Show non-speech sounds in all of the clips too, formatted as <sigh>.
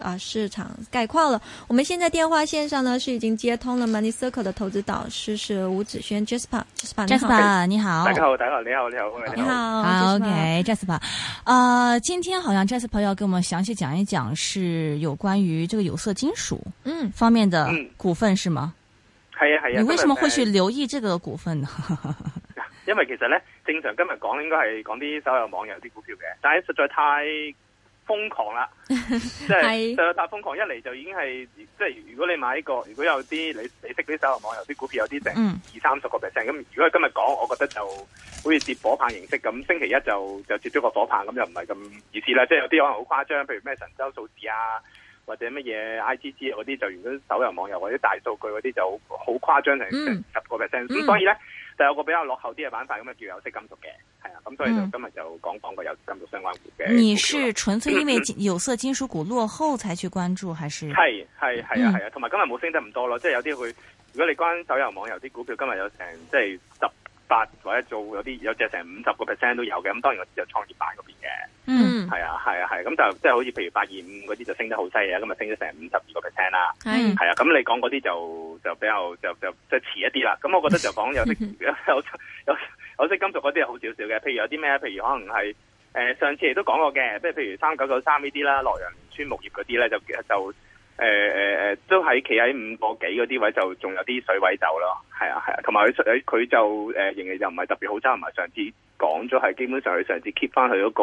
啊，市場概況了。我們現在電話線上呢是已經接通了 Money Circle 的投資導師是吳子軒 Jasper Jasper，你好。大家好，hey, 大家好，你好，你好，你好。你好，OK Jasper，啊、呃，今天好像 Jasper 要跟我們詳細講一講是有關於這個有色金屬，嗯，方面的股份，嗯，是嗎，嗯？是啊，是啊。你為什麼會去留意這個股份呢？ <laughs> 因為其實呢，正常今日講應該是講啲手遊網遊啲股票嘅，但是實在太。瘋狂啦，即係實 <laughs> 瘋狂，一嚟就已經係即係如果你買一個，如果有啲你你識啲手遊網遊啲股票有啲成二三十個 percent，咁如果今日講，我覺得就好似接火棒形式咁，星期一就就接咗個火棒，咁又唔係咁意思啦，即係有啲可能好誇張，譬如咩神州數字啊，或者乜嘢 IGG 嗰啲，就如果手遊網遊或者大數據嗰啲就好誇張成成十個 percent，咁所以咧。就有個比較落後啲嘅板塊，咁啊叫有色金屬嘅。係、嗯、啊，咁所以就今日就講講個有色金屬相關股嘅。你是純粹因為有色金屬股落後才去關注，嗯、還是？係係係啊係啊，同埋今日冇升得咁多咯，即係有啲會，如果你關手遊網友啲股票，今日有成即係十。或者做有啲有隻成五十個 percent 都有嘅，咁當然我有創業板嗰邊嘅，嗯、啊，係啊係啊係，咁、啊、就即係好似譬如八二五嗰啲就升得好犀利啊，咁啊升咗成五十二個 percent 啦，係，係啊，咁你講嗰啲就就比較就就即係遲一啲啦，咁我覺得就講有啲 <laughs> 有有有色金屬嗰啲係好少少嘅，譬如有啲咩譬如可能係誒、呃、上次亦都講過嘅，即係譬如三九九三呢啲啦，洛陽村木業嗰啲咧就其實就誒。呃都喺企喺五個幾嗰啲位，就仲有啲水位走咯，係啊係啊，同埋佢佢就誒、呃、仍然就唔係特別好差，差唔係上次講咗係基本上佢上次 keep 翻佢嗰個、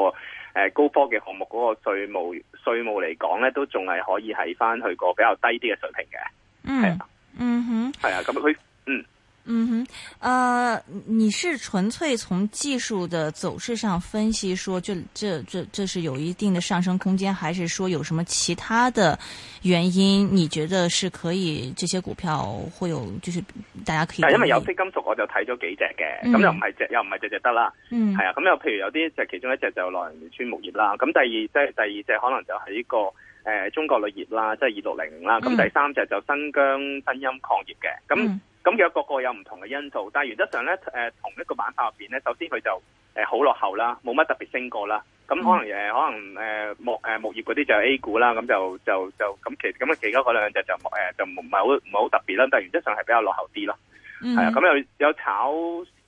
呃、高科嘅項目嗰個稅務稅務嚟講咧，都仲係可以喺翻佢個比較低啲嘅水平嘅，係啊，嗯哼，係啊，咁佢嗯。嗯嗯哼，呃，你是純粹從技術的走勢上分析說這，說，就這這這是有一定的上升空間，還是說有什麼其他的原因？你覺得是可以這些股票會有，就是大家可以。但因為有色金屬，我就睇咗幾隻嘅，咁、嗯、又唔係只，又唔係只隻得啦，係、嗯、啊，咁又譬如有啲就其中一隻就洛陽欒川鉬業啦，咁第二即係第二隻可能就喺、這個誒、呃、中國鋁業啦，即係二六零零啦，咁、嗯、第三隻就是新疆新鑫礦業嘅，咁。嗯咁有個個有唔同嘅因素，但係原則上咧、呃，同一個板塊入邊咧，首先佢就好落後啦，冇乜特別升過啦。咁可能、嗯、可能、呃、木誒、呃、木業嗰啲就 A 股啦，咁就就就咁其咁啊，其他嗰兩隻就、呃、就唔係好唔係好特別啦。但係原則上係比較落後啲咯、嗯。啊，咁有有炒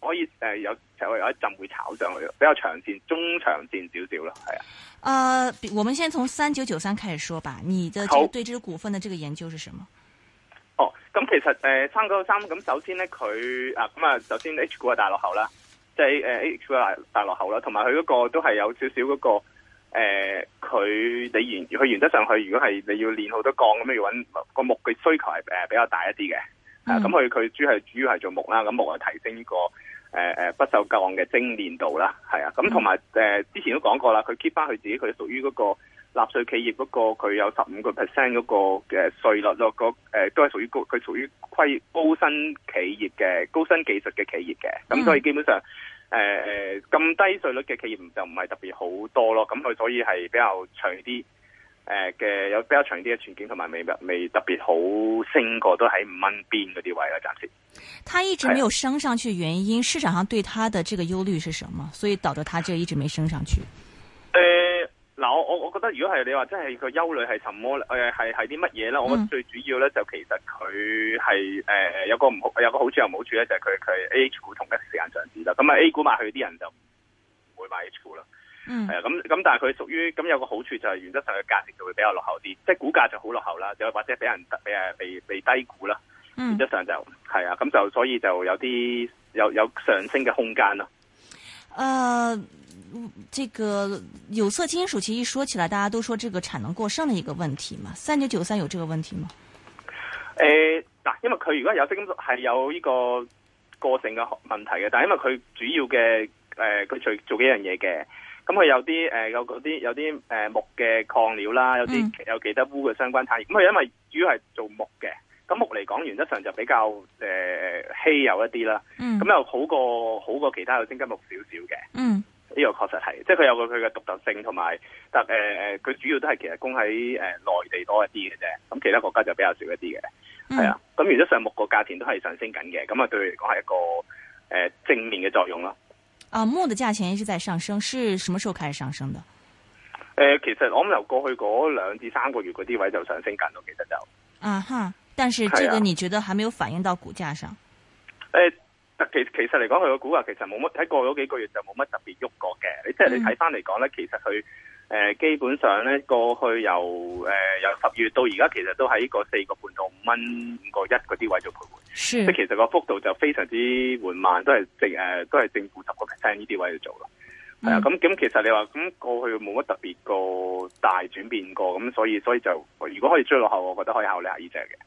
可以、呃、有有,有一陣會炒上去，比較長線、中長線少少啦。係啊、呃。我們先從三九九三開始說吧。你的這個對支股份的這個研究是什麼？哦，咁其實誒三九三咁，首先咧佢啊咁啊，佢首先 H 股係大落後啦，即係誒 H 股係大落後啦，同埋佢嗰個都係有少少嗰個佢，、呃、你原佢原則上去，如果係你要煉好多鋼咁咧，要揾個木嘅需求係誒比較大一啲嘅，mm-hmm. 啊咁佢佢主要主要係做木啦，咁木係提升呢、呢個誒、呃、不鏽鋼嘅精煉度啦，係啊，咁同埋誒之前都講過啦，佢 keep 翻佢自己，佢屬於嗰、嗰個。納稅企業嗰個佢有十五個 percent 嗰個嘅稅率咯，個、呃、誒都係屬於高，佢屬於高高新企業嘅高新技術嘅企業嘅，咁所以基本上誒誒咁低稅率嘅企業就唔係特別好多咯，咁佢所以係比較長啲誒嘅有比較長啲嘅全景，同埋未特未特別好升過，都喺五蚊邊嗰啲位啦，暫時。它一直沒有升上去，原因，市場上對它的這個憂慮是什麼？所以導致它就一直沒升上去。我我我覺得如果係你話真係個憂慮係什麼誒係係啲乜嘢咧？我覺得最主要咧就其實佢，係誒有個唔好有個好處又唔好處咧，就係佢佢 A 股同一時間上市啦。咁、嗯、啊、嗯、A 股買去啲人就唔會買 H 股啦。係、嗯、啊，咁、嗯、咁但係佢屬於咁有個好處就係原則上嘅價值就會比較落後啲，即、就、係、是、股價就好落後啦，又或者俾人誒被被低估啦、嗯。原則上就係啊，咁就所以就有啲有有上升嘅空間咯。誒、呃。嗯，這個有色金屬其實一說起來，大家都說這個產能過剩的一個問題嘛。三九九三有這個問題嗎？誒，嗱，因為佢如果有色金屬係有呢個過剩嘅問題嘅，但係因為佢主要嘅誒佢做做幾樣嘢嘅，咁佢有啲誒、呃、有啲有啲誒、呃、木嘅礦料啦，有啲、嗯、有其他鎢嘅相關產業，咁佢因為主要係做木嘅，咁木嚟講原則上就比較誒、呃、稀有一啲啦，咁、嗯、又好過好過其他有色金屬木少少嘅，嗯。呢、這個確實係，即係佢有個佢嘅獨特性同埋，但誒誒，佢、呃、主要都係其實供喺誒、呃、內地多一啲嘅啫，咁其他國家就比較少一啲嘅，係、嗯、啊。咁而家上木個價錢都係上升緊嘅，咁啊對佢嚟講係一個誒、呃、正面嘅作用咯。啊，木嘅價錢一直在上升，是什麼時候開始上升的？誒、呃，其實我諗由過去嗰兩至三個月嗰啲位就上升緊咯，其實就。啊哈，但是這個是、啊、你覺得還沒有反映到股價上？誒、呃。其實其實嚟講，佢個股價其實冇乜喺，過咗幾個月就冇乜特別喐過嘅。Mm. 即係你即係你睇翻嚟講咧，其實佢誒、呃、基本上咧過去由誒、呃、由十月到而家，其實都喺個四個半到五蚊五個一嗰啲位做徘徊。Mm. 即係其實個幅度就非常之緩慢，都係正誒都係正負十個 percent 呢啲位去做啦。係、mm. 啊、嗯，咁咁其實你話咁過去冇乜特別個大轉變過，咁所以所以就如果可以追落後，我覺得可以考慮下呢隻嘅。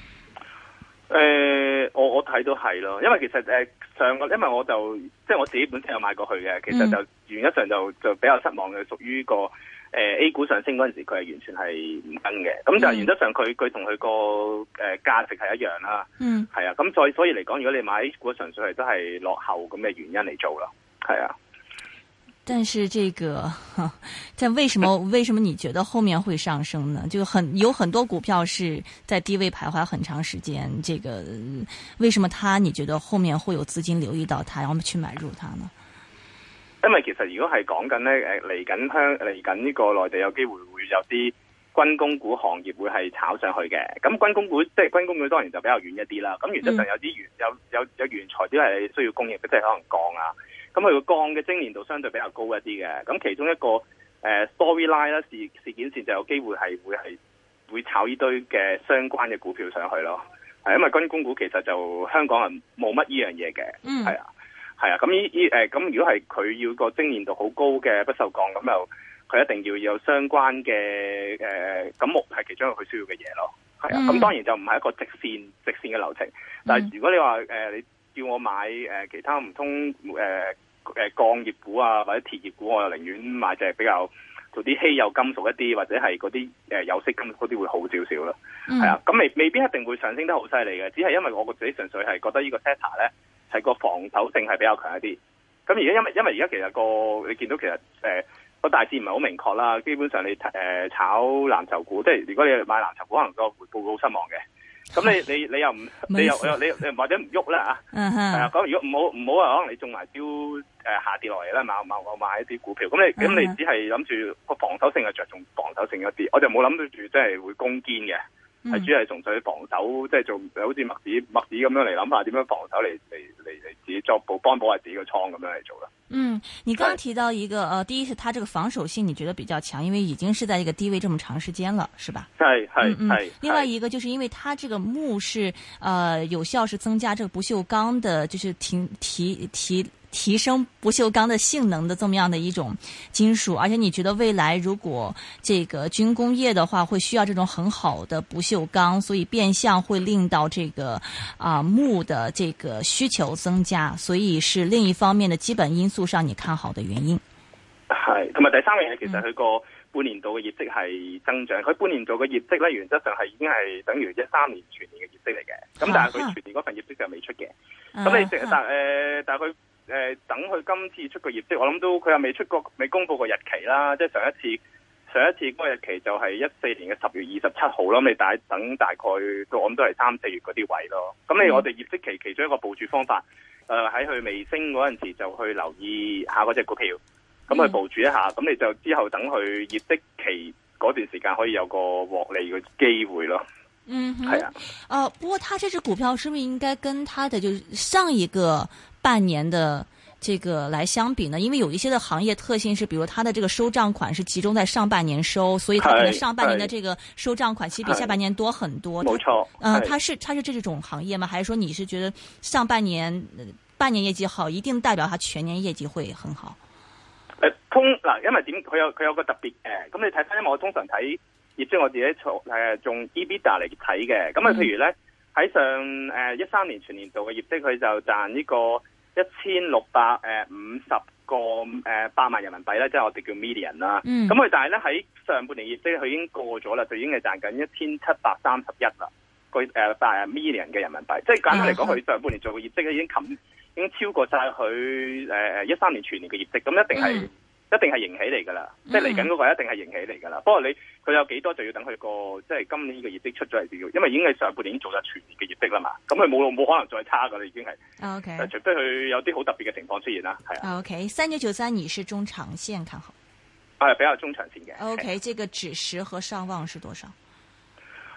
誒、呃，我我睇到係咯，因為其實誒上個，因為我就即係我自己本身有買過去嘅、嗯，其實就原則上就就比較失望嘅，屬於個誒、呃、A 股上升嗰陣時，佢係完全係唔跟嘅，咁就原則上佢佢同佢個誒價值係一樣啦，嗯，係啊，咁、嗯、所以所以嚟講，如果你買 A 股純粹係都係落後咁嘅原因嚟做咯，係啊。但是這個，但為什麼為什麼你覺得後面會上升呢？就很有很多股票是在低位徘徊很長時間。這個為什麼他你覺得後面會有資金留意到他然後去買入它呢？因為其實如果係講緊呢，誒嚟緊香嚟緊呢個內地有機會會有啲軍工股行業會係炒上去嘅。咁軍工股即係軍工股，工股當然就比較遠一啲啦。咁原則上有啲原、嗯、有有有原材料係需要供應嘅，即係可能降啊。咁佢個鋼嘅精煉度相對比較高一啲嘅，咁其中一個、呃、storyline 啦，事事件線就有機會係會係會炒呢堆嘅相關嘅股票上去咯，係因為軍工股其實就香港人冇乜呢樣嘢嘅，嗯，係啊係啊，咁咁、啊嗯呃、如果係佢要個精煉度好高嘅不鏽鋼咁，又佢一定要有相關嘅誒，咁、呃、鉬係其中一個佢需要嘅嘢咯，啊，咁、嗯、當然就唔係一個直線直線嘅流程，但係如果你話、呃、你。叫我買誒其他唔通誒誒鋼業股啊或者鐵業股，我又寧願買隻比較做啲稀有金屬一啲，或者係嗰啲誒有色金嗰啲會好少少啦。嗯、啊，咁未未必一定會上升得好犀利嘅，只係因為我個自己純粹係覺得個呢個 sector 咧係個防守性係比較強一啲。咁而家因為因為而家其實、那個你見到其實誒個、呃、大市唔係好明確啦，基本上你誒炒藍籌股，即係如果你買藍籌股，可能個回報好失望嘅。咁你你你又唔你又你又你你或者唔喐啦啊，係啊，啊，咁如果唔好唔好啊，可能你中埋招誒下跌落嚟啦，冇冇我買一啲股票，咁你咁你只係諗住個防守性係着重防守性一啲，我就冇諗到住真係會攻堅嘅。係、嗯、主要係重視防守，即係做，好似麥子麥子咁樣嚟諗下，點樣防守嚟嚟嚟嚟自己作補，幫補下自己個倉咁樣嚟做啦。嗯，你剛提到一個，呃，第一是它這個防守性你覺得比較強，因為已經是在一個低位這麼長時間了，是吧？係係係。另外一個就是因為它這個木是，呃，有效是增加這個不鏽鋼的，就是停提提。提提提升不銹鋼的性能的這麼樣的一種金屬，而且你覺得未來如果這個軍工業的話會需要這種很好的不銹鋼，所以變相會令到這個啊、呃、鉬的這個需求增加，所以是另一方面的基本因素上，讓你看好的原因。係，同埋第三樣嘢，其實佢個半年度嘅業績係增長，佢、嗯、半年度嘅業績咧，原則上係已經係等於一三年，年的的、啊、全年嘅業績嚟嘅，咁但係佢全年嗰份業績就未出嘅。咁你係但誒、呃啊、但係佢。誒、呃，等佢今次出個業績，我諗都佢又未出過，未公佈過日期啦。即係上一次，上一次嗰個日期就係一四年嘅十月二十七號咯、嗯。你大等大概，我諗都係三四月嗰啲位咯。咁、嗯、你我哋業績期其中一個部署方法，誒喺佢未升嗰陣時就去留意下嗰隻股票，咁、嗯嗯、去部署一下。咁你就之後等佢業績期嗰段時間可以有個獲利嘅機會咯。嗯，是啊啊。不過他這隻股票係咪應該跟他的就是上一個？半年的這個來相比呢？因為有一些的行業特性是，比如它的這個收賬款是集中在上半年收，所以它可能上半年的這個收賬款其實比下半年多很多。冇錯，嗯、呃，它是它是這種行業嗎？還是說你是覺得上半年半年業績好，一定代表它全年業績會很好？誒，通嗱，因為點佢有佢有個特別誒，咁、呃、你睇翻，因為我通常睇業績我自己從誒從 EBITDA 嚟睇嘅，咁、呃、啊，譬如咧喺、嗯、上誒一三年全年度嘅業績，佢就賺呢個。一千六百誒五十個誒百、呃、萬人民幣咧，即係我哋叫 million 啦。咁、嗯、佢但係咧喺上半年業績佢已經過咗啦，就已經係賺緊一千七百三十一啦，個誒大 million 嘅人民幣。即係簡單嚟講，佢上半年做嘅業績咧已經冚，已經超過晒佢誒誒一三年全年嘅業績，咁、嗯嗯、一定係。一定係盈起嚟噶啦，即係嚟緊嗰個一定係盈起嚟噶啦。不過你佢有幾多就要等佢個，即係今年呢個業績出咗嚟先，因為已經係上半年已經做咗全年嘅業績啦嘛。咁佢冇冇可能再差噶啦，已經係。O、okay. K，除非佢有啲好特別嘅情況出現啦，係、okay. 啦、啊。O K，三九九三，你是中長線看好？係、啊、比較中長線嘅。O、okay. K，這個指時和上望是多少？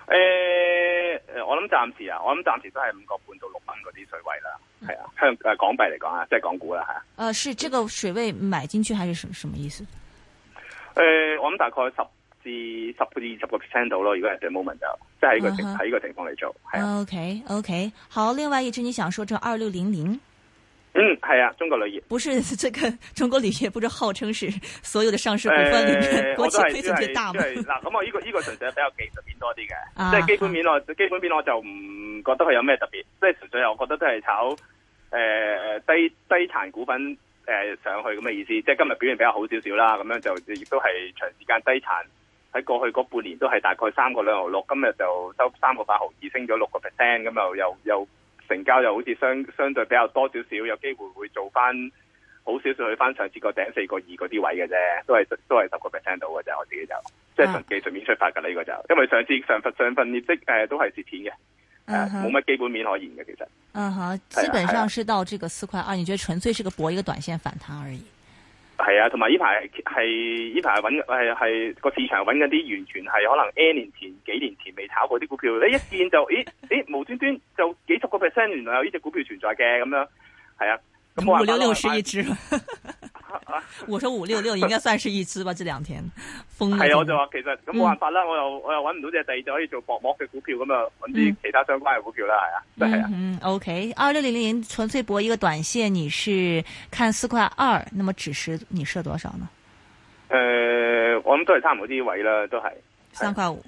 誒、呃，我諗暫時啊，我諗暫時都係五個半到六蚊嗰啲水位啦，係啊，香、呃、誒港幣嚟講、就是、啊，即係港股啦，係啊。誒，是這個水位買進去還是什麼什麼意思？誒、呃，我諗大概十至十至十個 percent 到咯，如果係對 moment 就，即係一個喺、uh-huh. 個地方嚟做。係啊。OK OK，好，另外一支你想說，這二六零零。嗯，係啊，中國鋁業。不是這個中國鋁業，不是號稱是所有的上市股份裏面國企虧損最大嘛。嗱，咁啊，呢個呢個純粹係比較技術面多啲嘅，即係基本面我，基本面我就唔覺得佢有咩特別，即係純粹係我覺得都係炒誒、呃、低低殘股份誒、呃、上去咁嘅意思。即係今日表現比較好少少啦，咁樣就亦都係長時間低殘，喺過去嗰半年都係大概三個兩毫六，今日就收三個八毫二，升咗六個 percent，咁又又又，又成交又好似相相對比較多少少，有機會會做翻好少少去翻上次個頂四個二嗰啲位嘅啫，都係都係十個 percent 到嘅啫。我自己就即係從技術面出發噶呢個就，因為上次上份上份業績誒、呃、都係蝕錢嘅，誒冇乜基本面可言嘅其實、啊啊。基本上是到這個四塊二，你覺得純粹是個搏一個短線反彈而已。係啊，同埋呢排係呢排揾係係個市場揾嗰啲完全係可能 N 年前，幾年前未炒過啲股票，你一見就咦，咦無端端就幾十個 percent，原來有呢隻股票存在嘅咁樣，係啊。咁五六一支。 <laughs> <laughs> 我說五六六應該算是一支吧？ <laughs> 這兩天，係、啊、我就話其實咁冇辦法啦、嗯，我又我又搵唔到只地就可以做薄膜嘅股票，咁啊搵啲其他相關嘅股票啦係啊，都係啊。嗯，啊嗯，OK，二六零零純粹博一個短線，你是看四塊二，那麼止蝕你設多少呢？誒、呃，我諗都係差唔多啲位啦，都係三、啊、塊五、okay.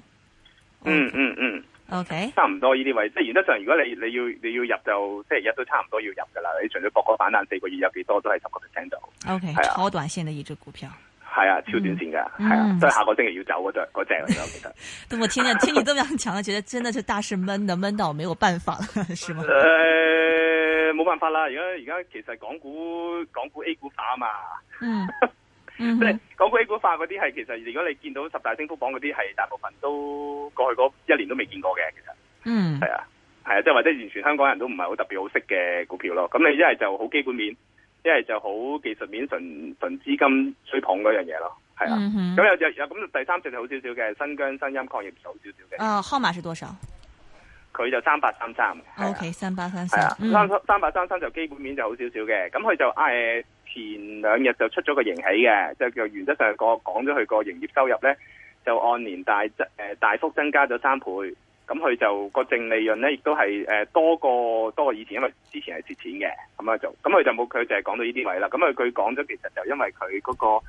嗯。嗯嗯嗯。OK，差唔多呢啲位，即係原則上，如果你你要你要入就星期一都差唔多要入噶啦。你除咗博嗰個反彈四個月有幾多都係十 percent OK，超短綫的一隻股票，係啊，超短綫噶，係啊，超短線的嗯啊嗯、下個星期要走嗰隻，嗰隻咯，其實。咁 <laughs> 我聽聽你咁樣講，我覺得真的是大市悶的悶到我沒有辦法，是嗎？誒、欸，冇辦法啦！而家而家其實港股港股 A 股化啊嘛，嗯即係、 <laughs> 嗯、港股 A 股化嗰啲係其實如果你見到十大升幅榜嗰啲係大部分都。佢嗰一年都未見過嘅，其實，嗯，係啊，係啊，即係或者完全香港人都唔係好特別好識嘅股票咯。咁你一係就好基本面，一係就好技術面純，純純資金水捧嗰樣嘢咯，係啊，咁、嗯、有有咁第三隻就好少少嘅，新疆新音礦業就好少少嘅。啊、呃、號碼是多少？佢就三八三三。O K，三八三三。係啊，三三八三三就基本面就好少少嘅。咁佢就誒、呃、前兩日就出咗個盈喜嘅，即係佢原則上講講咗佢個營業收入咧。就按年大增、呃，大幅增加咗三倍，咁佢就、個淨利潤咧，亦都係誒、呃、多過多過以前，因為之前係蝕錢嘅，咁啊就，咁佢就冇佢就係講到呢啲位啦，咁啊佢講咗其實就因為佢嗰、個誒、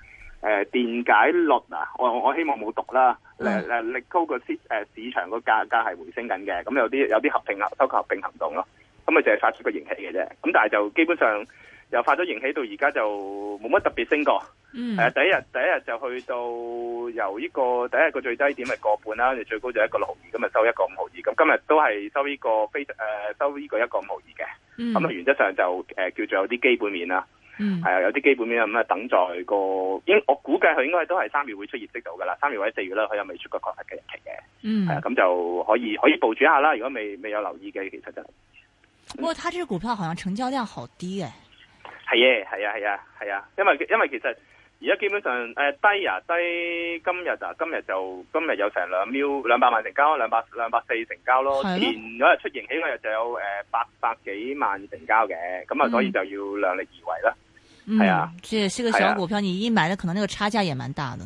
呃、電解率啊，我我希望冇讀啦，誒誒力高個市、呃、市場個價格係回升緊嘅，咁有啲有啲合併啊，收購合併行動咯，咁佢就係發出個盈喜嘅啫，咁但係就基本上。又發咗型起到而家就冇乜特別升過，誒、嗯、第一日第一日就去到由呢、這個第一個最低點係個半啦，最高就一個六毫二，今日收一個五毫二，咁今日都係收呢個非誒、呃、收呢個，個一個五毫二嘅，咁、嗯、啊原則上就誒、呃、叫做有啲基本面啦，係、嗯、啊有啲基本面咁啊、嗯、等在個應我估計佢應該都係三月會出業績到噶啦，三月或者四月啦，佢又未出個確切嘅日期嘅，係、嗯、啊咁就可以可以捕捉一下啦。如果未未有留意嘅，其實就是、不過，他隻股票好像成交量好低誒、欸。係啊，係啊，係啊，係啊，因為因為其實而家基本上誒、呃、低啊，低今日，啊今日就今日就今日有成兩秒兩百萬成交，兩百兩百四成交咯。前嗰日出盈喜嗰日就有誒八百幾萬成交嘅，咁、嗯、啊所以就要量力而為啦。係、嗯、啊，即係是，、嗯、是這個小股票，你一買咧，可能個差價也蠻大嘅。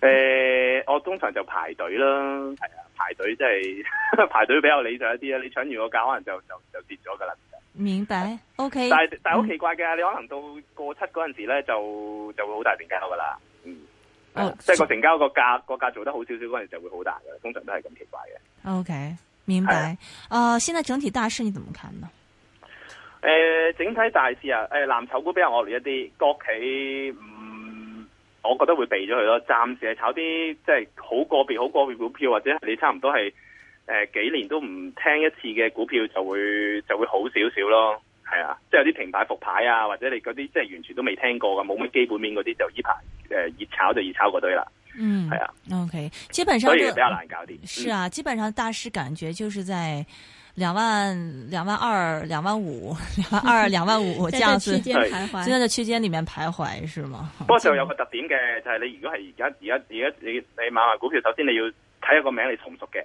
誒、 <laughs> 呃，我通常就排隊啦，係啊，排隊即係排隊比較理想一啲啦，你搶完個價可能就就就跌咗噶啦。明白、嗯、，O、okay, K，但係但係好奇怪嘅、嗯，你可能到過七嗰陣時咧，就就會好大成交噶啦、哦，嗯，哦，即係個成交個價，個價做得好少少嗰陣時候就會好大嘅，通常都係咁奇怪嘅，O K，明白，誒、啊呃，現在整體大市你怎麼看呢？誒、呃，整體大市啊，誒、呃，藍籌股比較惡劣一啲，國企唔、嗯，我覺得會避咗佢咯，暫時係炒啲即係好個別好個別股票或者你差唔多係。誒、呃，幾年都唔聽一次嘅股票就會就會好少少咯，係啊，即係有啲停牌復牌啊，或者你嗰啲即係完全都未聽過嘅，冇乜基本面嗰啲就呢排誒熱、呃、炒就熱炒嗰堆啦、啊。嗯，係、okay、啊。O K，基本上所以比較難搞啲、嗯。是啊，基本上大市感覺就是在兩萬兩萬二兩萬五兩萬二兩萬五 <laughs> 這樣子是，係。 <laughs> 就在區間裏面徘徊是嗎？不過就有個特點嘅就係、是、你如果係而家而家而家你你買賣股票，首先你要睇一個名你重唔熟嘅。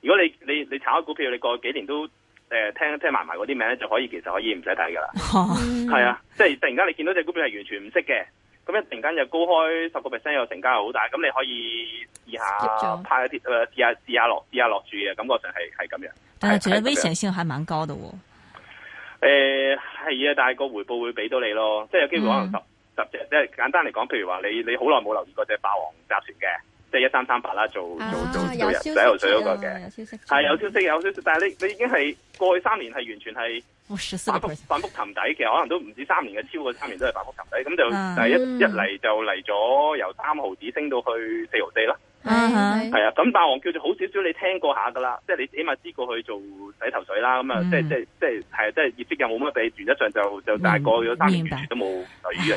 如果你你你,你炒咗股票，你過幾年都誒、呃、聽聽埋埋嗰啲名咧，就可以其實可以唔使睇噶啦。係 <laughs> 啊，即係突然間你見到隻股票係完全唔識嘅，咁一陣間又高開十個 percent，又成交又好大，咁你可以試下啲試、啊、下試下落試下落住嘅感覺上係係咁樣。但係其實危險性還蠻高的喎、哦。誒係啊，但係個回報會俾到你咯，即係有機會可能十十隻，即係簡單嚟講，譬如話你你好耐冇留意嗰隻霸王集團嘅。即係一三三八啦，做、啊、做做做洗頭水嗰個嘅，係有消息,有消息,有,消息有消息，但係你你已經係過去三年係完全係反覆反覆沉底，其實可能都唔止三年嘅，超過三年都係反覆沉底，咁、啊、就第一一嚟就嚟咗、嗯、由三毫子升到去四毫四啦，係啊，咁霸王叫做好少少你聽過下噶啦，即、就、係、是、你起碼知過去做洗頭水啦，咁啊，即係即係即係係即係業績又冇乜俾，原則上就就但係過去三年完全都冇留意嘅。